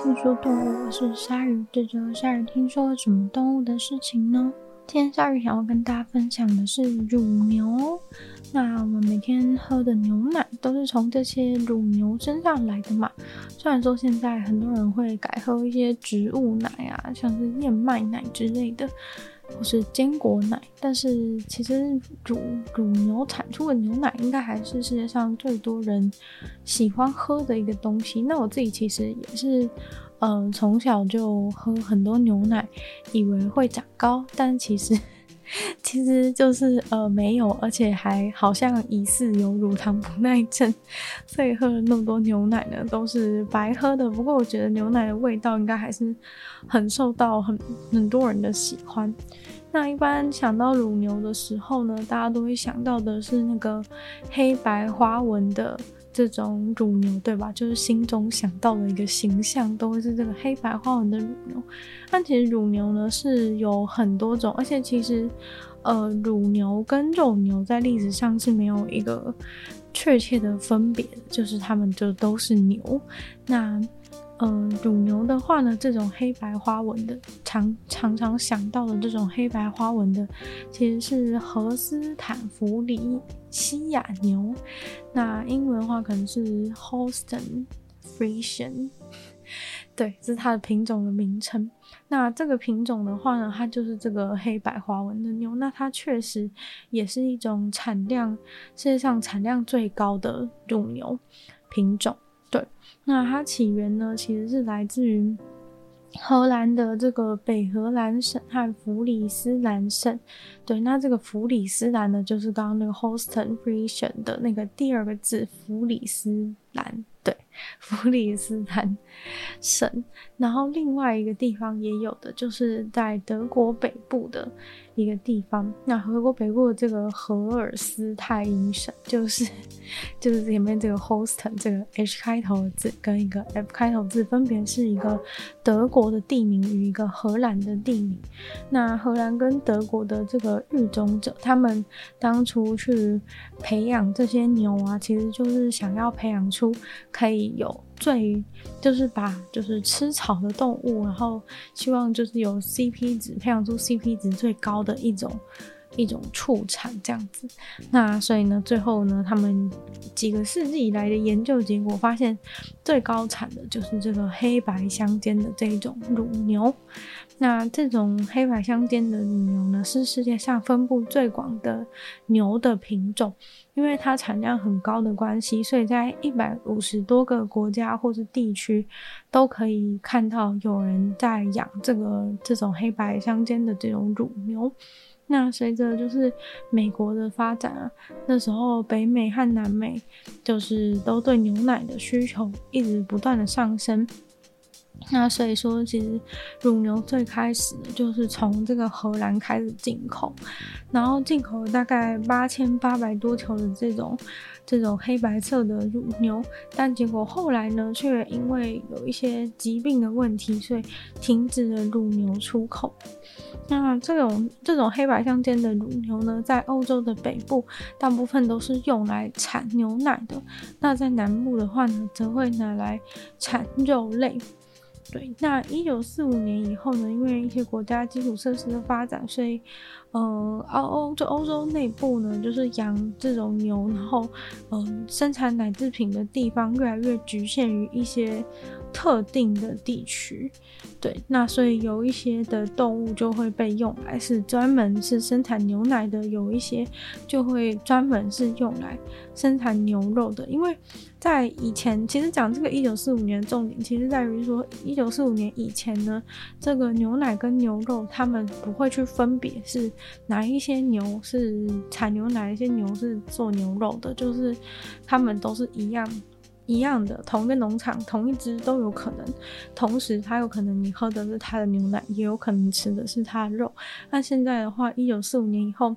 聽說動物是鯊魚，這週鯊魚聽說了什麼動物的事情呢？今天鯊魚想要跟大家分享的是乳牛。那我們每天喝的牛奶都是從這些乳牛身上來的嘛。雖然說現在很多人會改喝一些植物奶啊，像是燕麥奶之類的。或是堅果奶，但是其實乳乳牛產出的牛奶，應該還是世界上最多人喜歡喝的一個東西。那我自己其實也是，嗯、呃，從小就喝很多牛奶，以為會長高，但其實。其實就是呃沒有，而且還好像疑似有乳糖不耐症，所以喝了那麼多牛奶呢，都是白喝的。不過我覺得牛奶的味道應該還是很受到很很多人的喜歡。那一般想到乳牛的時候呢，大家都會想到的是那個黑白花紋的。這種乳牛對吧？就是心中想到的一個形象，都是這個黑白花紋的乳牛。但其實乳牛呢，是有很多種，而且其實，呃，乳牛跟肉牛在歷史上是沒有一個確切的分別，就是它們就都是牛。那嗯、呃，乳牛的話呢，這種黑白花紋的，常常常想到的這種黑白花紋的，其實是荷斯坦福里西亞牛,那英文的話可能是 Holstein Friesian，對，是它的品種的名稱。那這個品種的話呢，它就是這個黑白花紋的牛，那它確實也是一種產量世界上產量最高的乳牛品種。對，那它起源呢，其實是來自於荷蘭的這個北荷蘭省和弗里斯蘭省。對，那這個弗里斯蘭呢，就是剛剛那個 Holstein Friesian 的那個第二個字弗里斯蘭。對。弗里斯蘭省，然後另外一個地方也有的，就是在德國北部的一個地方。那德國北部的這個荷爾斯泰因省就是就是前面這個 Holstein 這個 H 開頭的字跟一個 F 開頭的字，分別是一個德國的地名與一個荷蘭的地名。那荷蘭跟德國的這個育種者，他們當初去培養這些牛啊，其實就是想要培養出可以。有最就是把就是吃草的動物，然後希望就是有 CP 值，培養出 CP 值最高的一種。一種畜產這樣子，那所以呢，最後呢，他們幾個世紀以來的研究結果發現，最高產的就是這個黑白相間的這種乳牛。那這種黑白相間的乳牛呢，是世界上分布最廣的牛的品種，因為它產量很高的關係，所以在一百五十多個國家或是地區都可以看到有人在養這個這種黑白相間的這種乳牛。那隨着就是美國的發展啊，那時候北美和南美就是都對牛奶的需求一直不斷的上升，那所以說其實乳牛最開始就是從這個荷蘭開始進口，然後進口了大概八千八百多球的這種。這種黑白色的乳牛，但結果後來呢，卻因為有一些疾病的問題，所以停止了乳牛出口。那這種這種黑白相間的乳牛呢，在歐洲的北部大部分都是用來產牛奶的，那在南部的話呢，則會拿來產肉類。對，那一九四五年以後呢，因為一些國家基礎設施的發展，所以，嗯、呃，歐歐就歐洲內部呢，就是養這種牛，然後，嗯、呃，生產奶制品的地方越來越局限於一些特定的地區。對，那所以有一些的動物就會被用來是專門是生產牛奶的，有一些就會專門是用來生產牛肉的，因為。在以前，其實講這個一九四五年重點，其實在於說一九四五年以前呢，這個牛奶跟牛肉，他們不會去分別是哪一些牛是產牛奶，哪一些牛是做牛肉的，就是他們都是一樣一樣的，同一個農場，同一隻都有可能。同時，它有可能你喝的是它的牛奶，也有可能吃的是它的肉。那現在的話，一九四五年以後。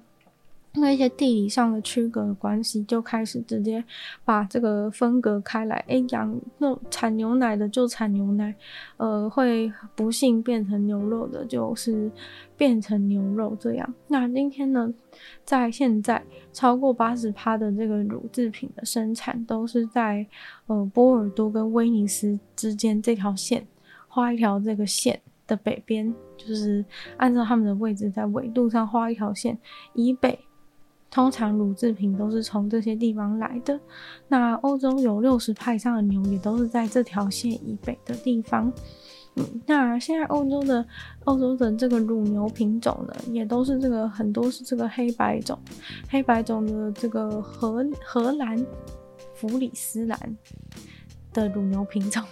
因為一些地理上的區隔的關係，就開始直接把這個分隔開來。誒、欸，羊肉產牛奶的就產牛奶，呃，會不幸變成牛肉的，就是變成牛肉這樣。那今天呢，在現在超過八十趴的這個乳製品的生產，都是在呃波爾多跟威尼斯之間這條線畫一條這個線的北邊，就是按照他們的位置在緯度上畫一條線以北。通常乳製品都是從這些地方來的。那歐洲有六十趴以上的牛，也都是在這條線以北的地方。嗯，那現在歐洲的歐洲的這個乳牛品種呢，也都是這個很多是這個黑白種，黑白種的這個荷荷蘭弗里斯蘭的乳牛品種，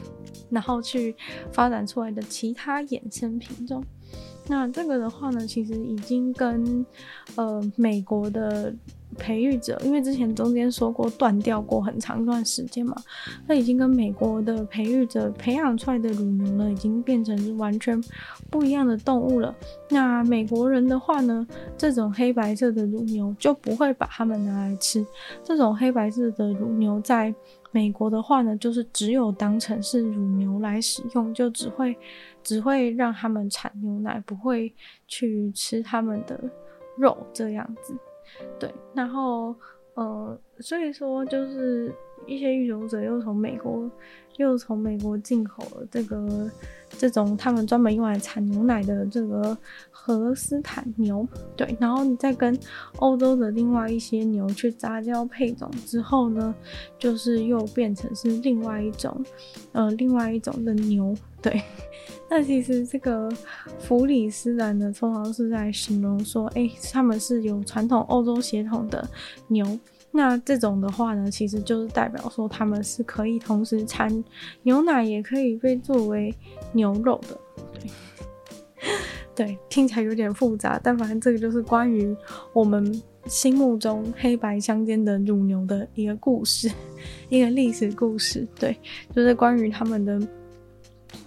然後去發展出來的其他衍生品種。那這個的話呢，其實已經跟，呃，美國的培育者，因為之前中間說過斷掉過很長一段時間嘛，那已經跟美國的培育者培養出來的乳牛呢，已經變成完全不一樣的動物了。那美國人的話呢，這種黑白色的乳牛就不會把它們拿來吃，這種黑白色的乳牛在美國的話呢，就是只有當成是乳牛來使用，就只會。只會讓他們產牛奶，不會去吃他們的肉這樣子。對，然後，呃，所以說就是一些育種者又從美國又從美國進口了這個這種他們專門用來產牛奶的這個荷斯坦牛。對，然後你再跟歐洲的另外一些牛去雜交配種之後呢，就是又變成是另外一種，呃，另外一種的牛。對，那其實這個弗里斯蘭的稱號是在形容說，誒、欸，他們是有傳統歐洲血統的牛。那這種的話呢，其實就是代表說，他們是可以同時產牛奶，也可以被作為牛肉的對。對，聽起來有點複雜，但反正這個就是關於我們心目中黑白相間的乳牛的一個故事，一個歷史故事。對，就是關於他們的。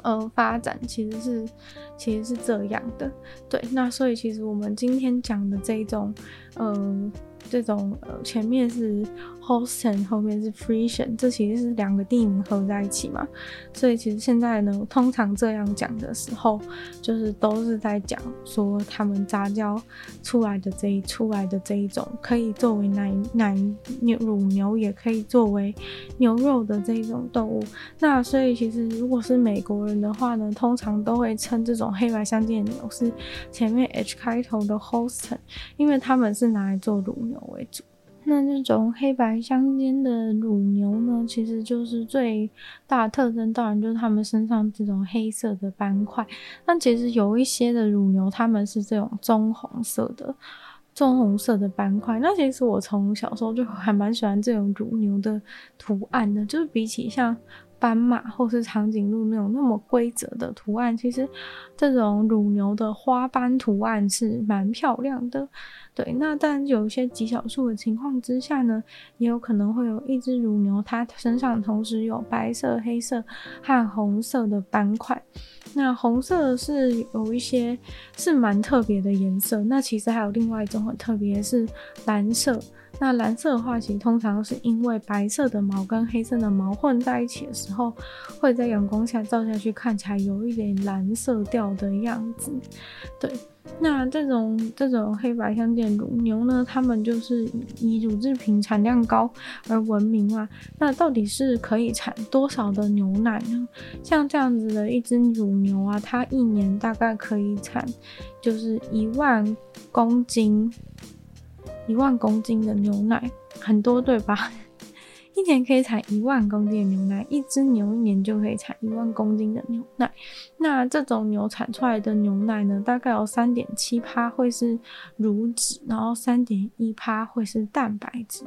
嗯、呃，發展其實是，其實是這樣的。對，那所以其實我們今天講的這一種，嗯、呃。這種呃，前面是 Holstein，後面是 Friesian，這其實是兩個地名合在一起嘛。所以其實現在呢，通常這樣講的時候，就是都是在講說他們雜交出來的這一出來的這一種，可以作為奶奶牛，乳牛也可以作為牛肉的這一種動物。那所以其實如果是美國人的話呢，通常都會稱這種黑白相間的牛是前面 H 開頭的 Holstein，因為他們是拿來做乳牛。為主，那這種黑白相間的乳牛呢，其實就是最大的特徵，當然就是他們身上這種黑色的斑塊。那其實有一些的乳牛，它們是這種棕紅色的棕紅色的斑塊。那其實我從小時候就還蠻喜歡這種乳牛的圖案的，就是比起像斑馬或是長頸鹿那種那麼規則的圖案，其實這種乳牛的花斑圖案是蠻漂亮的。對，那但有一些極少數的情況之下呢，也有可能會有一隻乳牛，它身上同時有白色、黑色和紅色的斑塊。那紅色是有一些是蠻特別的顏色。那其實還有另外一種很特別是藍色。那藍色的話，其實通常是因為白色的毛跟黑色的毛混在一起的時候，會在陽光下照下去，看起來有一點藍色調的樣子。對。那這種這種黑白相間乳牛呢，它們就是以乳製品產量高而聞名嘛、啊。那到底是可以產多少的牛奶呢？像這樣子的一隻乳牛啊，它一年大概可以產就是一萬公斤，一萬公斤的牛奶，很多對吧？一年可以產一萬公斤的牛奶，一隻牛一年就可以產一萬公斤的牛奶。那這種牛產出來的牛奶呢，大概有三點七趴會是乳脂，然後三點一趴會是蛋白質。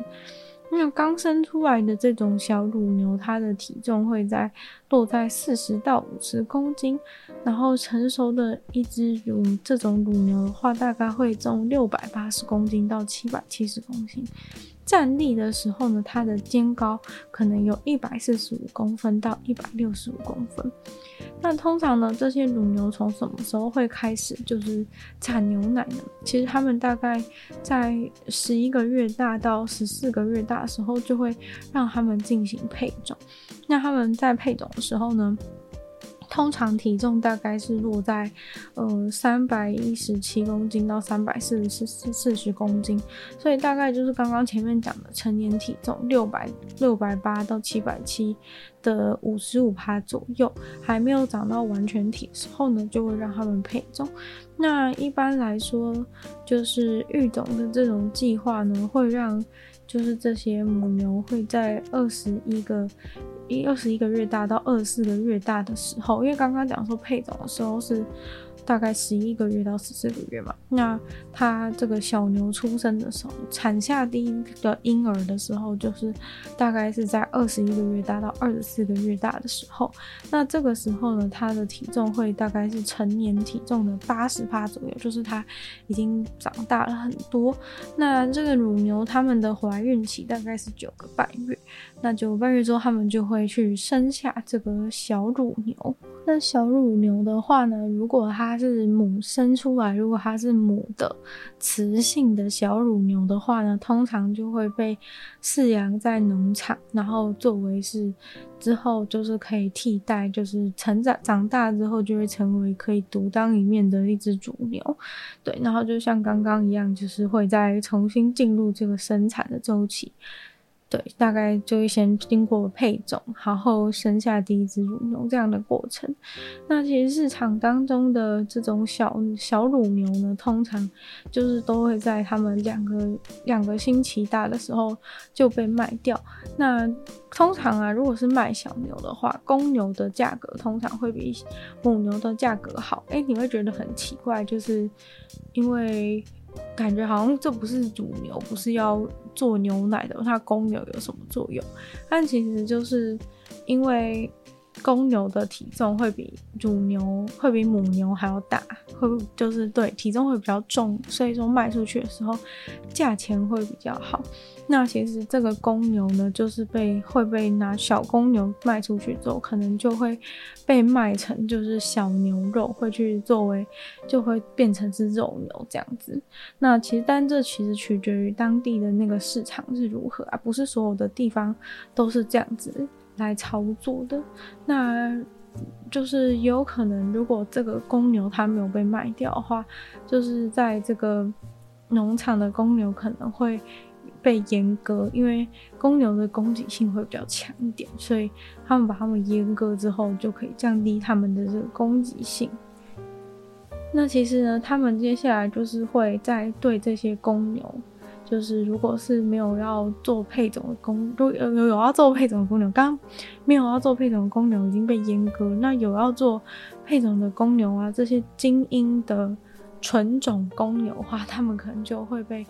那剛生出來的這種小乳牛，它的體重會在，落在四十到五十公斤，然後成熟的一隻乳這種乳牛的話，大概會重六百八十公斤到七百七十公斤。站立的時候呢，它的肩高可能有一百四十五公分到一百六十五公分。那通常呢，這些乳牛從什麼時候會開始就是產牛奶呢？其實他們大概在十一個月大到十四個月大的時候，就會讓他們進行配種。那他們在配種的時候呢，通常體重大概是落在，呃，三百一十七公斤到三百四十四四十公斤，所以大概就是剛剛前面講的成年體重六百六百八到七百七的五十五趴左右，還沒有長到完全體的時候呢，就會讓他們配種。那一般來說，就是育種的這種計劃呢，會讓就是這些母牛會在二十一個。一二十一個月大到二十四個月大的時候，因為剛剛講說配種的時候是。大概十一個月到十四個月嘛，那它這個小牛出生的時候，產下第一個嬰兒的時候，就是大概是在二十一個月大到二十四個月大的時候。那這個時候呢，它的體重會大概是成年體重的八十趴左右，就是它已經長大了很多。那這個乳牛它們的懷孕期大概是九個半月，那九個半月之後，它們就會去生下這個小乳牛。那小乳牛的話呢，如果它是母生出來，如果它是母的雌性的小乳牛的話呢，通常就會被飼養在農場，然後作為是之後就是可以替代，就是成長長大之後就會成為可以獨當一面的一只主牛。對，然後就像剛剛一樣，就是會再重新進入這個生產的周期。對，大概就會先經過配種，然後生下第一隻乳牛這樣的過程。那其實市場當中的這種小小乳牛呢，通常就是都會在他們兩個兩個星期大的時候就被賣掉。那通常啊，如果是賣小牛的話，公牛的價格通常會比母牛的價格好。哎、欸，你會覺得很奇怪，就是因為。感覺好像這不是乳牛，不是要做牛奶的，它的公牛有什麼作用？但其實就是因為。公牛的體重會比乳牛，會比母牛還要大，會就是對體重會比較重，所以說賣出去的時候價錢會比較好。那其實這個公牛呢，就是被會被拿小公牛賣出去之後，可能就會被賣成就是小牛肉，會去作為就會變成是肉牛這樣子。那其實但這其實取決於當地的那個市場是如何啊，不是所有的地方都是這樣子，來操作的，那就是有可能，如果這個公牛它沒有被賣掉的話，就是在這個農場的公牛可能會被閹割，因為公牛的攻擊性會比較強一點，所以他們把它們閹割之後，就可以降低他們的這個攻擊性。那其實呢，他們接下來就是會在對這些公牛。就是，如果是沒有要做配種的公，有有有要做配種的公牛，剛沒有要做配種的公牛已經被閹割，那有要做配種的公牛啊，這些精英的純種公牛的話，他們可能就會被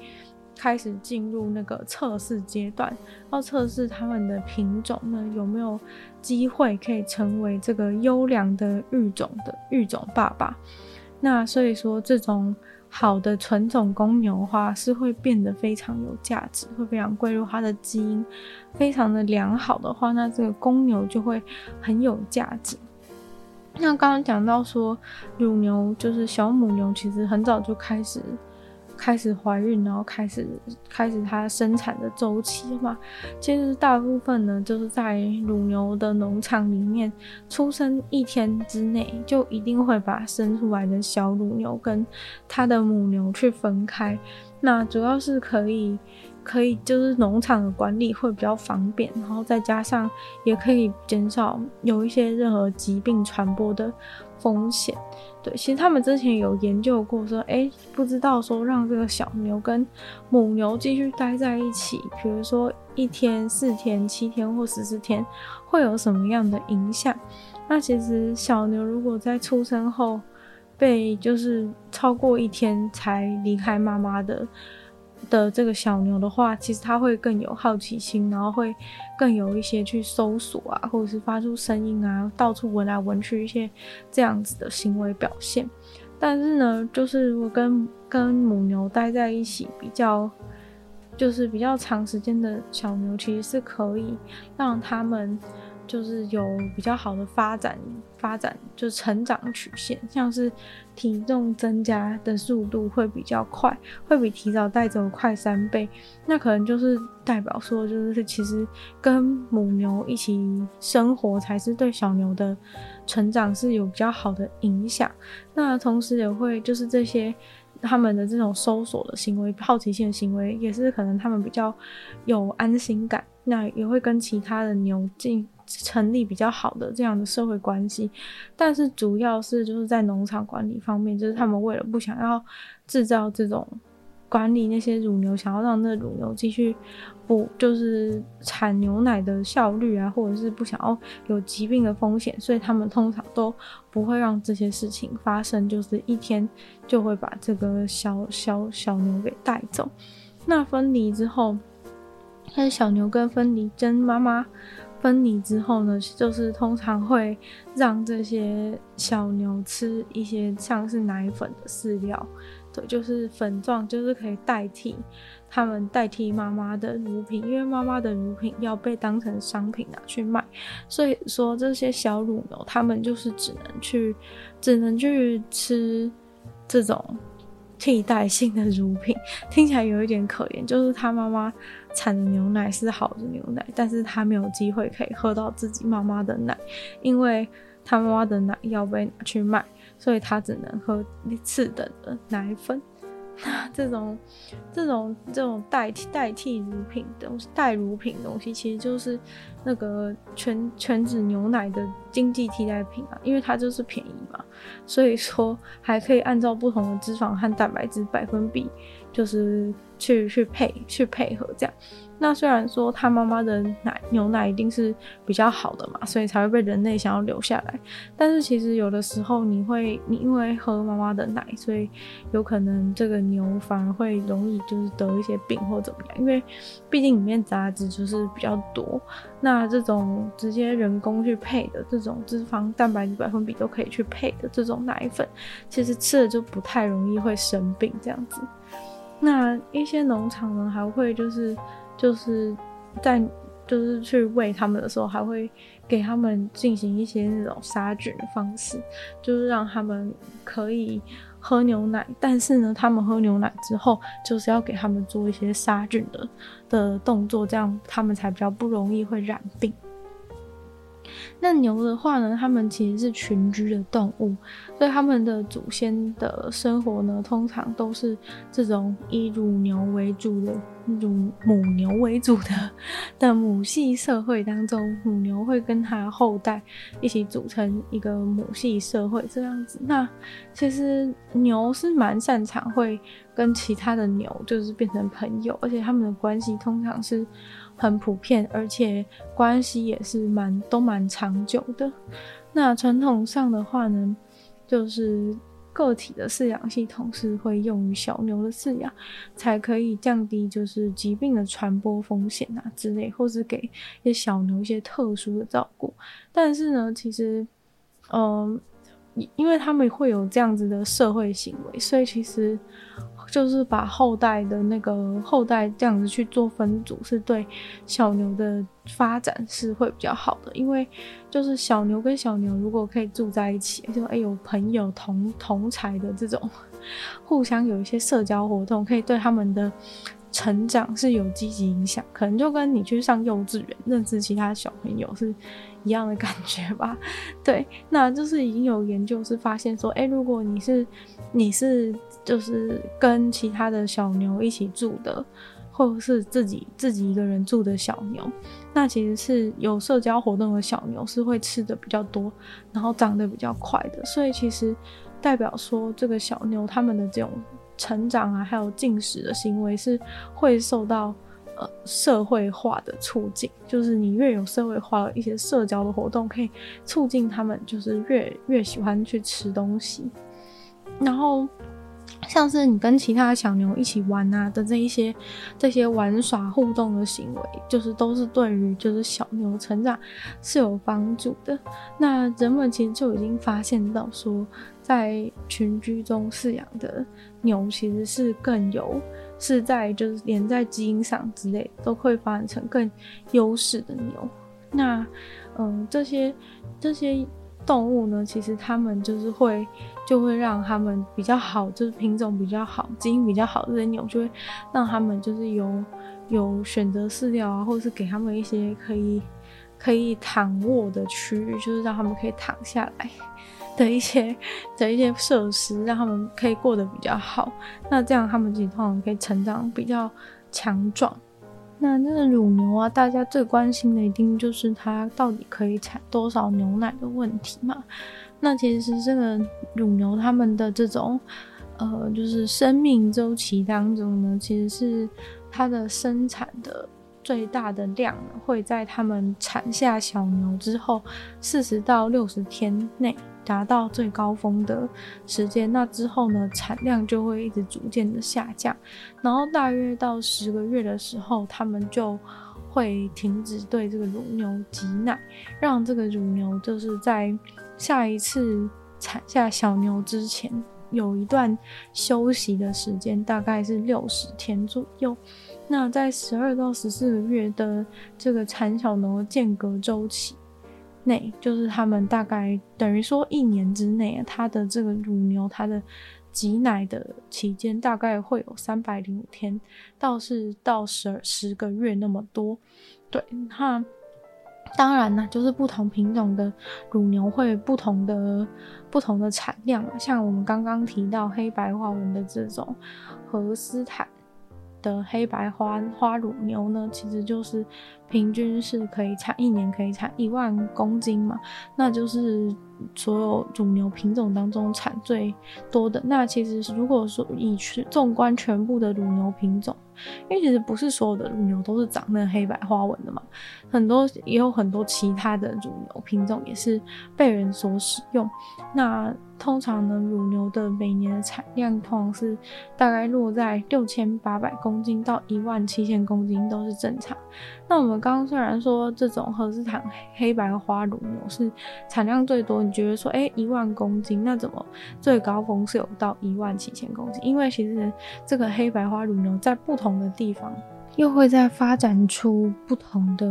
開始進入那個測試階段，要測試他們的品種呢，有沒有機會可以成為這個優良的育種的育種爸爸？那所以說這種。好的純種公牛的話，是會變得非常有價值，會非常貴。如它的基因非常的良好的話，那這個公牛就會很有價值。那剛剛講到說，乳牛就是小母牛，其實很早就開始。開始懷孕，然後開始開始它生產的周期嘛。其實大部分呢，就是在乳牛的農場裡面，出生一天之內就一定會把生出來的小乳牛跟它的母牛去分開。那主要是可以可以，就是農場的管理會比較方便，然後再加上也可以減少有一些任何疾病傳播的風險。對，其實他們之前有研究過，說，誒、欸，不知道說讓這個小牛跟母牛繼續待在一起，比如說一天、四天、七天或十四天，會有什麼樣的影響？那其實小牛如果在出生後被就是超過一天才離開媽媽的。的這個小牛的話，其實它會更有好奇心，然後會更有一些去搜索啊，或者是發出聲音啊，到處聞來聞去一些這樣子的行為表現。但是呢，就是我跟跟母牛待在一起比較，就是比較長時間的小牛，其實是可以讓他們。就是有比較好的發展，發展就是成長曲線，像是體重增加的速度會比較快，會比提早帶走快三倍。那可能就是代表說，就是其實跟母牛一起生活才是對小牛的成長是有比較好的影響。那同時也會就是這些他們的這種搜索的行為、好奇心的行為，也是可能他們比較有安心感。那也會跟其他的牛進。成立比較好的這樣的社會關係，但是主要是就是在農場管理方面，就是他們為了不想要制造這種管理那些乳牛，想要讓那乳牛繼續不就是產牛奶的效率啊，或者是不想要有疾病的風險，所以他們通常都不會讓這些事情發生，就是一天就會把這個小小小牛給帶走。那分離之後，但是小牛跟分離真媽媽。分離之後呢，就是通常會讓這些小牛吃一些像是奶粉的飼料，對，就是粉狀，就是可以代替它們代替媽媽的乳品，因為媽媽的乳品要被當成商品拿去賣，所以說這些小乳牛它們就是只能去，只能去吃這種。替代性的乳品，聽起來有一點可憐，就是他媽媽產的牛奶是好的牛奶，但是他沒有機會可以喝到自己媽媽的奶，因為他媽媽的奶要被拿去賣，所以他只能喝次等的奶粉。那這種、這種、這種代替、代替乳品的東西、代乳品的東西，其實就是那個全全脂牛奶的經濟替代品啊，因為它就是便宜嘛，所以說還可以按照不同的脂肪和蛋白質百分比，就是去去配去配合這樣。那雖然說他媽媽的奶，牛奶一定是比較好的嘛，所以才會被人類想要留下來。但是其實有的時候你會你因為喝媽媽的奶，所以有可能這個牛反而會容易就是得一些病或怎麼樣，因為畢竟裡面雜質就是比較多。那這種直接人工去配的這種脂肪蛋白質百分比都可以去配的這種奶粉，其實吃了就不太容易會生病這樣子。那一些農場呢還會就是。就是在就是去餵它們的時候，還會給他們進行一些那種殺菌的方式，就是讓他們可以喝牛奶。但是呢，他們喝牛奶之後，就是要給他們做一些殺菌的的動作，這樣他們才比較不容易會染病。那牛的話呢，它們其實是群居的動物。所以他們的祖先的生活呢，通常都是這種以乳牛為主的、乳母牛為主的的母系社會當中，母牛會跟他後代一起組成一個母系社會這樣子。那其實牛是蠻擅長會跟其他的牛就是變成朋友，而且他們的關係通常是很普遍，而且關係也是蠻都蠻長久的。那傳統上的話呢？就是個體的飼養系統是會用於小牛的飼養，才可以降低就是疾病的傳播風險啊之類，或是給一些小牛一些特殊的照顧。但是呢，其實，嗯、呃，因為他們會有這樣子的社會行為，所以其實。就是把後代的那個後代這樣子去做分組，是對小牛的發展是會比較好的，因為就是小牛跟小牛如果可以住在一起，就誒、欸、有朋友同同儕的這種，互相有一些社交活動，可以對他們的成長是有積極影響，可能就跟你去上幼稚園，認識其他小朋友是。一樣的感覺吧，對，那就是已經有研究是發現說，誒、欸，如果你是你是就是跟其他的小牛一起住的，或是自己自己一個人住的小牛，那其實是有社交活動的小牛是會吃的比較多，然後長得比較快的，所以其實代表說，這個小牛他們的這種成長啊，還有進食的行為是會受到。呃，社會化的促進，就是你越有社會化的一些社交的活動，可以促進他們就是越越喜歡去吃東西。然後像是你跟其他小牛一起玩啊的這一些這些玩耍互動的行為，就是都是對於就是小牛成長是有幫助的。那人們其實就已經發現到說，在群居中飼養的牛其實是更有。是在就是連在基因上之類，都會發展成更優勢的牛。那，嗯，這些這些動物呢，其實它們就是會就會讓它們比較好，就是品種比較好、基因比較好的這些牛，就會讓他們就是有有選擇飼料啊，或者是給他們一些可以可以躺臥的區域，就是讓他們可以躺下來。的一些的一些設施，讓他們可以過得比較好。那這樣他們其實通常可以成長比較強壯。那這個乳牛啊，大家最關心的一定就是它到底可以產多少牛奶的問題嘛。那其實這個乳牛它們的這種呃，就是生命週期當中呢，其實是它的生產的最大的量會在它們產下小牛之後四十到六十天內。達到最高峰的時間，那之後呢，產量就會一直逐漸的下降。然後大約到十個月的時候，他們就會停止對這個乳牛擠奶，讓這個乳牛就是在下一次產下小牛之前有一段休息的時間，大概是六十天左右。那在十二到十四個月的這個產小牛間隔週期。內就是他們大概等於說一年之內、啊，他的這個乳牛，他的擠奶的期間大概會有三百零五天，倒是到十十個月那麼多。對，那當然呢，就是不同品種的乳牛會不同的不同的產量，啊。像我們剛剛提到黑白花紋的這種荷斯坦。的黑白花花乳牛呢，其實就是平均是可以產一年可以產一萬公斤嘛，那就是所有乳牛品種當中產最多的。那其實如果說以全縱觀全部的乳牛品種，因為其實不是所有的乳牛都是長那黑白花紋的嘛，很多也有很多其他的乳牛品種也是被人所使用。那。通常呢，乳牛的每年的產量通常是大概落在六千八百公斤到一萬七千公斤都是正常。那我們剛剛雖然說這種荷斯坦黑白花乳牛是產量最多，你覺得說誒一萬公斤，那怎麼最高峰是有到一萬七千公斤？因為其實這個黑白花乳牛在不同的地方又會再發展出不同的。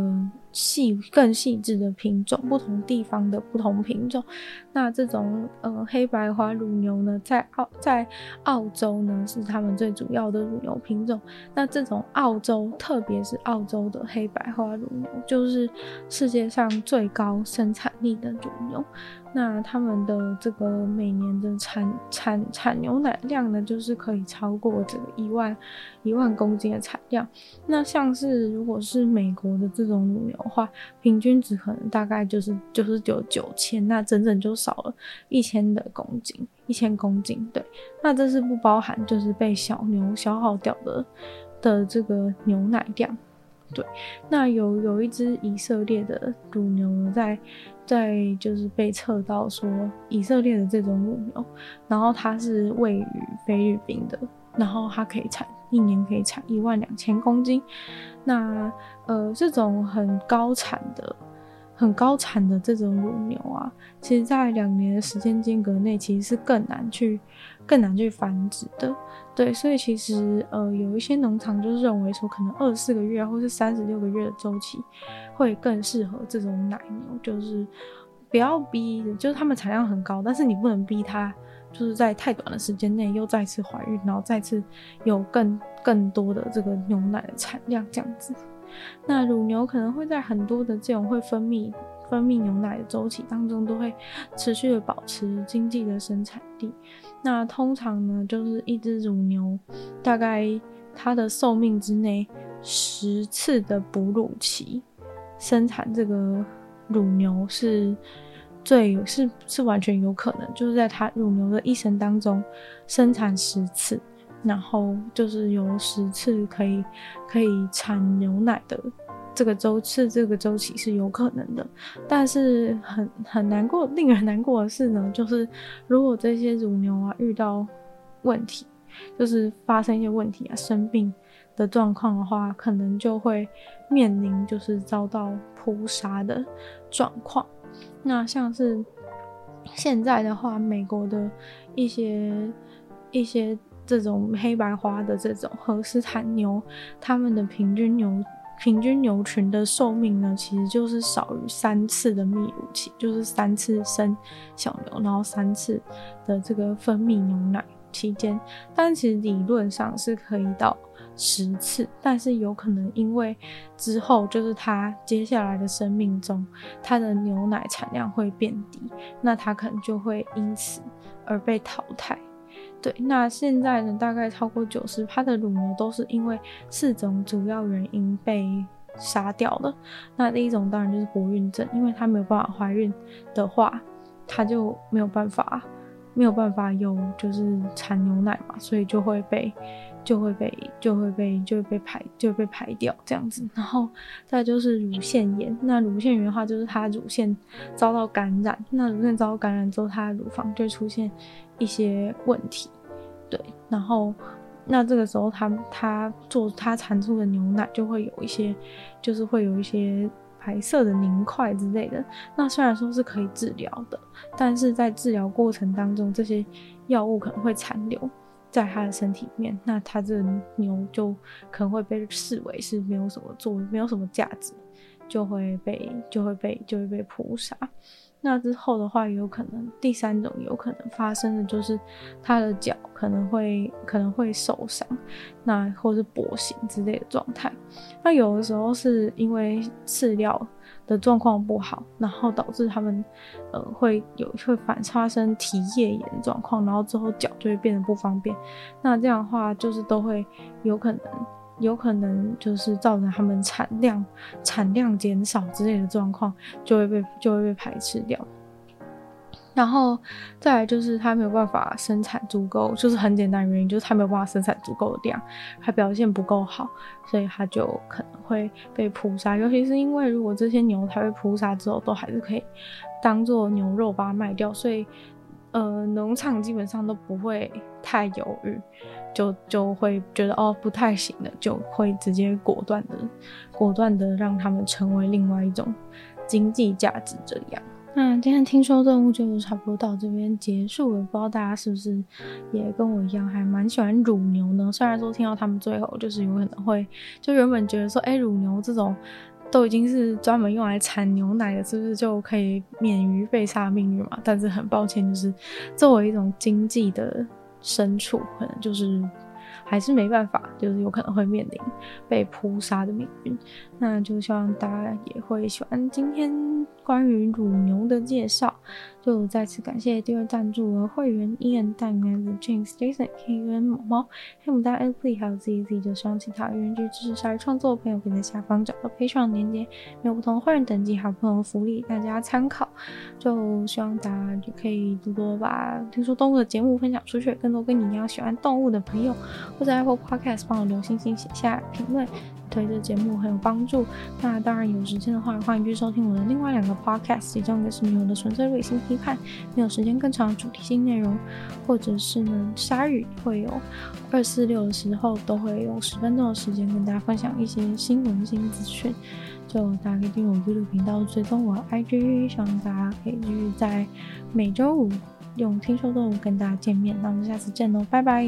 細，更細緻的品種，不同地方的不同品種。那這種呃黑白花乳牛呢，在澳，在澳洲呢，是他們最主要的乳牛品種。那這種澳洲，特別是澳洲的黑白花乳牛，就是世界上最高生產力的乳牛。那他們的這個每年的產產產牛奶量呢，就是可以超過這個一萬一萬公斤的產量。那像是如果是美國的這種乳牛的話，平均值可能大概就是就是九九千，那整整就少了一千的公斤，一千公斤。對，那這是不包含就是被小牛消耗掉的的這個牛奶量。對，那有有一隻以色列的乳牛在。在就是被測到說以色列的這種母牛，然後它是位於菲律賓的，然後它可以產，一年可以產一萬兩千公斤，那呃這種很高產的。很高產的這種乳牛啊，其實在兩年的時間間隔內，其實是更難去，更難去繁殖的。對，所以其實呃，有一些農場就是認為說，可能二十四個月或是三十六個月的週期會更適合這種奶牛，就是不要逼，就是它們產量很高，但是你不能逼它，就是在太短的時間內又再次懷孕，然後再次有更更多的這個牛奶的產量這樣子。那乳牛可能會在很多的這種會分泌，分泌牛奶的週期當中，都會持續的保持經濟的生產力。那通常呢，就是一隻乳牛大概它的壽命之內十次的哺乳期生產，這個乳牛是最，是，是完全有可能，就是在它乳牛的一生當中生產十次。然後就是有十次可以可以產牛奶的這個周次，這個周期是有可能的。但是很很難過，令人難過的是呢，就是如果這些乳牛啊遇到問題，就是發生一些問題啊、生病的狀況的話，可能就會面臨就是遭到撲殺的狀況。那像是現在的話，美國的一些一些。這種黑白花的這種荷斯坦牛，它們的平均牛平均牛群的壽命呢，其實就是少於三次的泌乳期，就是三次生小牛，然後三次的這個分泌牛奶期間。但其實理論上是可以到十次，但是有可能因為之後就是它接下來的生命中，它的牛奶產量會變低，那它可能就會因此而被淘汰。對，那現在呢，大概超過九十%，它的乳牛都是因為四種主要原因被殺掉的。那第一種當然就是不孕症，因為它沒有辦法懷孕的話，它就沒有辦法，沒有辦法有就是產牛奶嘛，所以就會被,就會被，就會被，就會被，就會被排，就會被排掉這樣子。然後再就是乳腺炎，那乳腺炎的話就是它乳腺遭到感染，那乳腺遭到感染之後，它的乳房就會出現。一些問題，對，然後那這個時候他他做他產出的牛奶就會有一些，就是會有一些白色的凝塊之類的。那雖然說是可以治療的，但是在治療過程當中，這些藥物可能會殘留在他的身體裡面。那他這個牛就可能會被視為是沒有什麼作用、沒有什麼價值，就會被就會被就會被撲殺。那之後的話，有可能第三種有可能發生的，就是他的腳可能會可能會受傷，那或是跛行之類的狀態。那有的時候是因為飼料的狀況不好，然後導致他們、呃、會有會反差生蹄葉炎狀況，然後之後腳就會變得不方便。那這樣的話，就是都會有可能。有可能就是造成它們產量產量減少之類的狀況，就會被就會被排斥掉。然後再來就是它沒有辦法生產足夠，就是很簡單原因就是它沒有辦法生產足夠的量，它表現不夠好，所以它就可能會被撲殺。尤其是因為如果這些牛它被撲殺之後，都還是可以當做牛肉把它賣掉，所以。呃，農場基本上都不會太猶豫，就就會覺得哦，不太行了，就會直接果斷的，果斷的讓他們成為另外一種經濟價值。這樣，那、嗯、今天聽說動物就差不多到這邊結束了，不知道大家是不是也跟我一樣，還蠻喜歡乳牛呢？雖然說聽到他們最後，就是有可能會，就原本覺得說，哎、欸，乳牛這種。都已經是專門用來產牛奶的，是、就、不是就可以免於被殺的命運嘛？但是很抱歉，就是作為一種經濟的牲畜，可能就是還是沒辦法，就是有可能會面臨被撲殺的命運。那就希望大家也會喜歡今天關於乳牛的介紹。就再次感謝第二贊助的會員，Ian、大男子、James、Jason、K、U、N、某貓、Ham、大 S、Z 還有 ZZ。就希望其他願意支持鯊魚創作的朋友，可以在下方找到賠償鏈接。有不同會員等級還有不同的福利，大家參考。就希望大家就可以多多把聽說動物的節目分享出去，更多跟你一樣喜歡動物的朋友，或者 Apple Podcast 幫我留星星寫下評論。對這節目很有幫助。那當然有時間的話，歡迎去收聽我的另外兩個 podcast，其中一個是女友的純粹理性批判，沒有時間更長的主題性內容；或者是呢，鯊魚會有二四六的時候，都會用十分鐘的時間跟大家分享一些新聞性資訊。就大家可以訂閱我的 YouTube 頻道，追蹤我的 IG，希望大家可以繼續在每週五用聽說動物跟大家見面。那我們下次見嘍，拜拜。